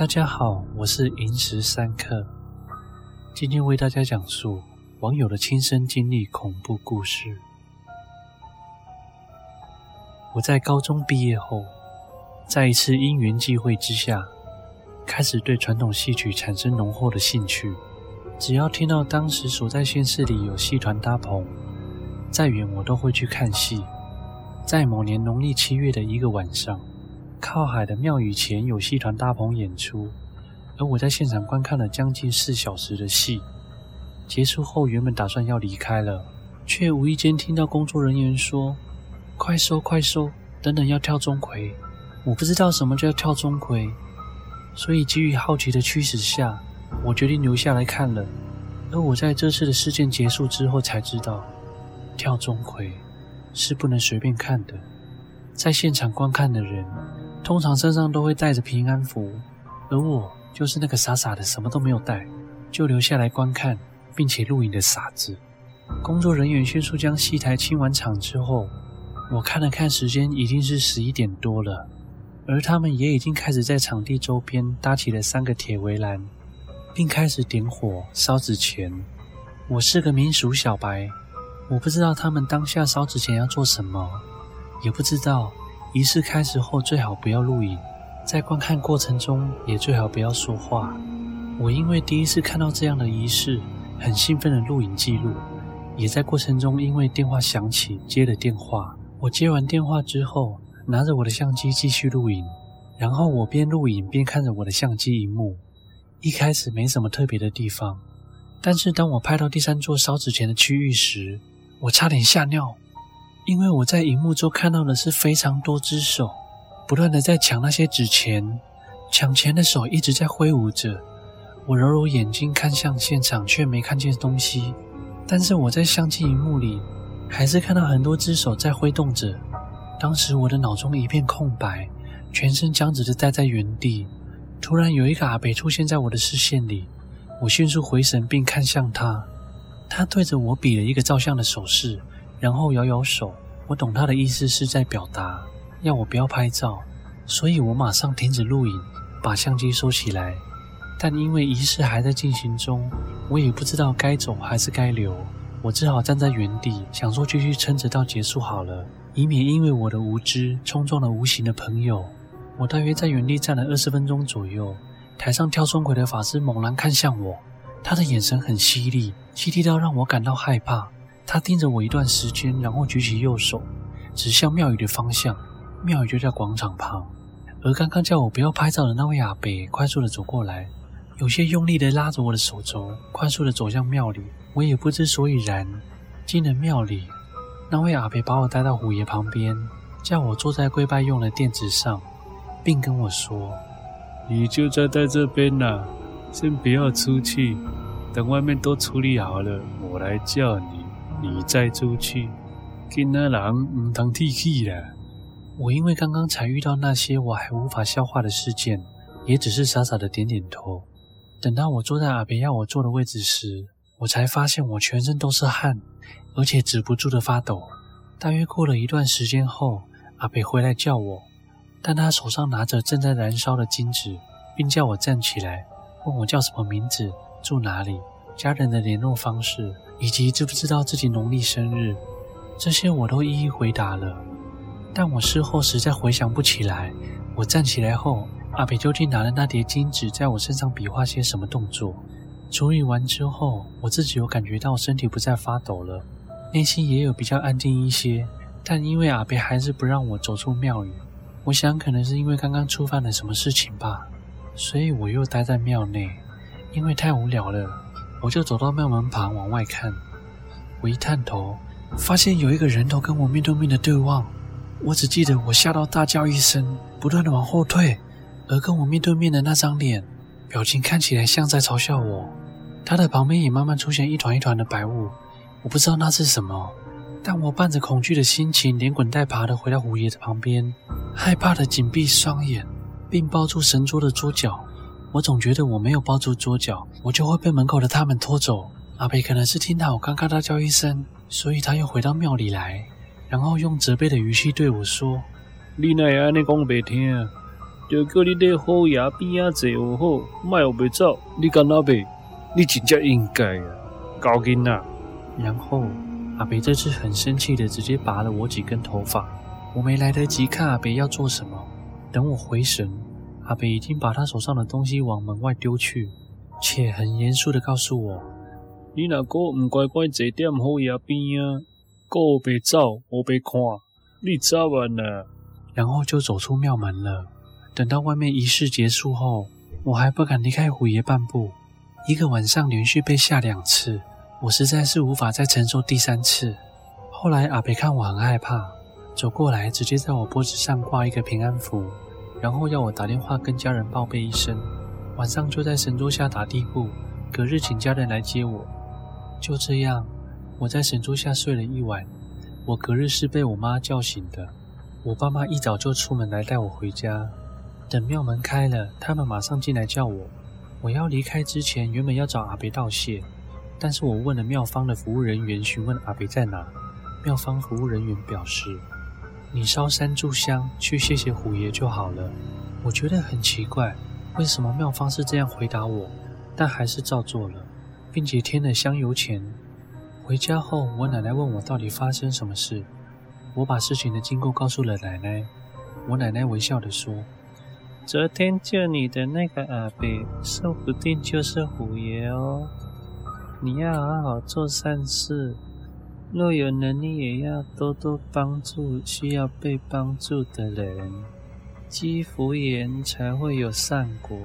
大家好，我是螢石三克，今天為大家講述網友的親身經歷恐怖故事。我在高中畢業後，在一次因緣際會之下，開始對傳統戲曲產生濃厚的興趣。只要聽到當時所在縣市裡有戲團搭棚，再遠我都會去看戲。在某年農曆七月的一個晚上。靠海的廟宇前有戲團大棚演出，而我在現場觀看了將近四小時的戲。結束後，原本打算要離開了，卻無意間聽到工作人員說：“快收快收，等等要跳鍾馗。”我不知道什麼叫跳鍾馗，所以基於好奇的驅使下，我決定留下來看了。而我在這次的事件結束之後才知道，跳鍾馗是不能隨便看的，在現場觀看的人。通常身上都會帶着平安符，而我就是那個傻傻的，什麼都沒有帶，就留下來觀看並且錄影的傻子。工作人員迅速將戲台清完場之後，我看了看時間，已經是十一點多了，而他們也已經開始在場地周邊搭起了三個鐵圍欄，並開始點火燒紙錢。我是個民俗小白，我不知道他們當下燒紙錢要做什麼，也不知道。儀式開始後，最好不要錄影，在觀看過程中也最好不要說話。我因為第一次看到這樣的儀式，很興奮的錄影記錄，也在過程中因為電話響起接了電話。我接完電話之後，拿着我的相機繼續錄影，然後我邊錄影邊看着我的相機螢幕。一開始沒什麼特別的地方，但是當我拍到第三座燒紙錢的區域時，我差點嚇尿。因為我在熒幕中看到的是非常多隻手，不斷的在搶那些紙錢，搶錢的手一直在揮舞着。我揉揉眼睛看向現場，卻沒看見東西。但是我在相機熒幕裡，還是看到很多隻手在揮動着。當時我的腦中一片空白，全身僵直的待在原地。突然有一個阿北出現在我的視線裡，我迅速回神並看向他，他對着我比了一個照相的手勢。然後搖搖手，我懂他的意思是在表達，要我不要拍照，所以我馬上停止錄影，把相機收起來。但因為儀式還在進行中，我也不知道該走還是該留，我只好站在原地，想說繼續撐着到結束好了，以免因為我的無知衝撞了無形的朋友。我大約在原地站了二十分鐘左右，台上跳鍾馗的法師猛然看向我，他的眼神很犀利，犀利到讓我感到害怕。他盯着我一段時間，然後舉起右手，指向廟宇的方向。廟宇就在廣場旁，而剛剛叫我不要拍照的那位阿伯快速的走過來，有些用力的拉着我的手肘，快速的走向廟裡。我也不知所以然，進了廟裡，那位阿伯把我帶到虎爺旁邊，叫我坐在跪拜用的墊子上，並跟我說：“你就站在這邊呢、啊，先不要出去，等外面都處理好了，我來叫你。”你再出去，跟那人唔通提起了。我因為剛剛才遇到那些我還無法消化的事件，也只是傻傻的點點頭。等到我坐在阿培要我坐的位置時，我才發現我全身都是汗，而且止不住的發抖。大約過了一段時間後，阿培回來叫我，但他手上拿着正在燃燒的金紙，並叫我站起來，問我叫什麼名字、住哪裡、家人的聯絡方式。以及知不知道自己農曆生日，這些我都一一回答了。但我事後實在回想不起來，我站起來後，阿北究竟拿了那疊金紙在我身上比劃些什麼動作？處理完之後，我自己有感覺到身體不再發抖了，內心也有比較安定一些。但因為阿北還是不讓我走出廟宇，我想可能是因為剛剛觸犯了什麼事情吧，所以我又待在廟內，因為太無聊了。我就走到廟門旁往外看，我一探頭，發現有一個人頭跟我面對面的對望。我只記得我嚇到大叫一聲，不斷的往後退，而跟我面對面的那張臉，表情看起來像在嘲笑我。他的旁邊也慢慢出現一團一團的白霧，我不知道那是什麼。但我伴着恐懼的心情，連滾帶爬的回到虎爺的旁邊，害怕的緊閉雙眼，並抱住神桌的桌角。我總覺得我沒有抱住桌角，我就會被門口的他們拖走。阿伯可能是聽到我剛剛大叫一聲，所以他又回到廟裡來，然後用責備的語氣對我說：“你那安尼講白聽，就叫你在虎牙邊啊坐下好，莫學白走。你干老貝，你真叫應該啊，高勁吶！”然後阿伯這次很生氣的直接拔了我幾根頭髮。我沒來得及看阿伯要做什麼，等我回神，阿伯已經把他手上的東西往門外丟去。且很嚴肅地告訴我：“你那個唔乖乖坐在虎爺邊啊，個別走，我別看，你走完呢。”然後就走出廟門了。等到外面儀式結束後，我還不敢離開虎爺半步。一個晚上連續被嚇兩次，我實在是無法再承受第三次。後來阿伯看我很害怕，走過來直接在我脖子上掛一個平安符，然後要我打電話跟家人報備一聲。晚上就在神桌下打地鋪，隔日請家人來接我。就這樣，我在神桌下睡了一晚。我隔日是被我媽叫醒的。我爸媽一早就出門來帶我回家。等廟門開了，他們馬上進來叫我。我要離開之前，原本要找阿伯道謝，但是我問了廟方的服務人員，詢問阿伯在哪。廟方服務人員表示：“你燒三炷香去謝謝虎爺就好了。”我覺得很奇怪。為什麼廟方是這樣回答我，但還是照做了，並且添了香油錢。回家後，我奶奶問我到底發生什麼事，我把事情的經過告訴了奶奶。我奶奶微笑的說：“昨天救你的那個阿伯，說不定就是虎爺哦。你要好好做善事，若有能力，也要多多幫助需要被幫助的人。”積福言才會有善果。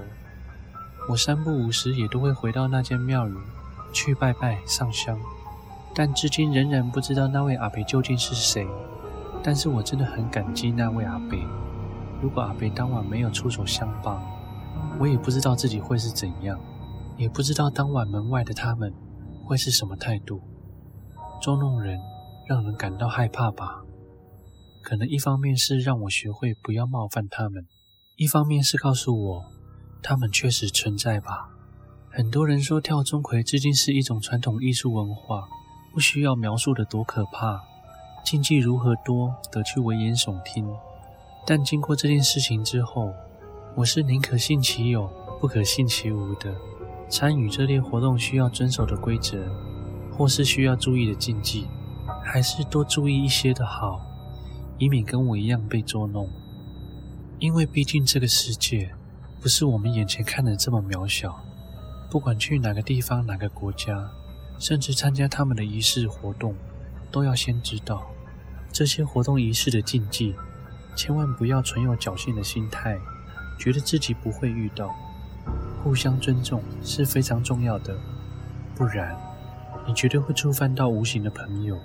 我三不五時也都會回到那間廟宇去拜拜、上香，但至今仍然不知道那位阿伯究竟是誰。但是我真的很感激那位阿伯。如果阿伯當晚沒有出手相幫，我也不知道自己會是怎樣，也不知道當晚門外的他們會是什麼態度。捉弄人，讓人感到害怕吧。可能一方面是讓我學會不要冒犯他們，一方面是告訴我他們確實存在吧。很多人說跳鍾馗畢竟是一種傳統藝術文化，不需要描述的多可怕，禁忌如何多得去危言聳聽。但經過這件事情之後，我是寧可信其有，不可信其無的。參與這類活動需要遵守的規則，或是需要注意的禁忌，還是多注意一些的好。以免跟我一樣被捉弄，因為畢竟這個世界不是我們眼前看的這麼渺小。不管去哪個地方、哪個國家，甚至參加他們的儀式活動，都要先知道這些活動儀式的禁忌。千萬不要存有僥幸的心態，覺得自己不會遇到。互相尊重是非常重要的，不然你絕對會觸犯到無形的朋友。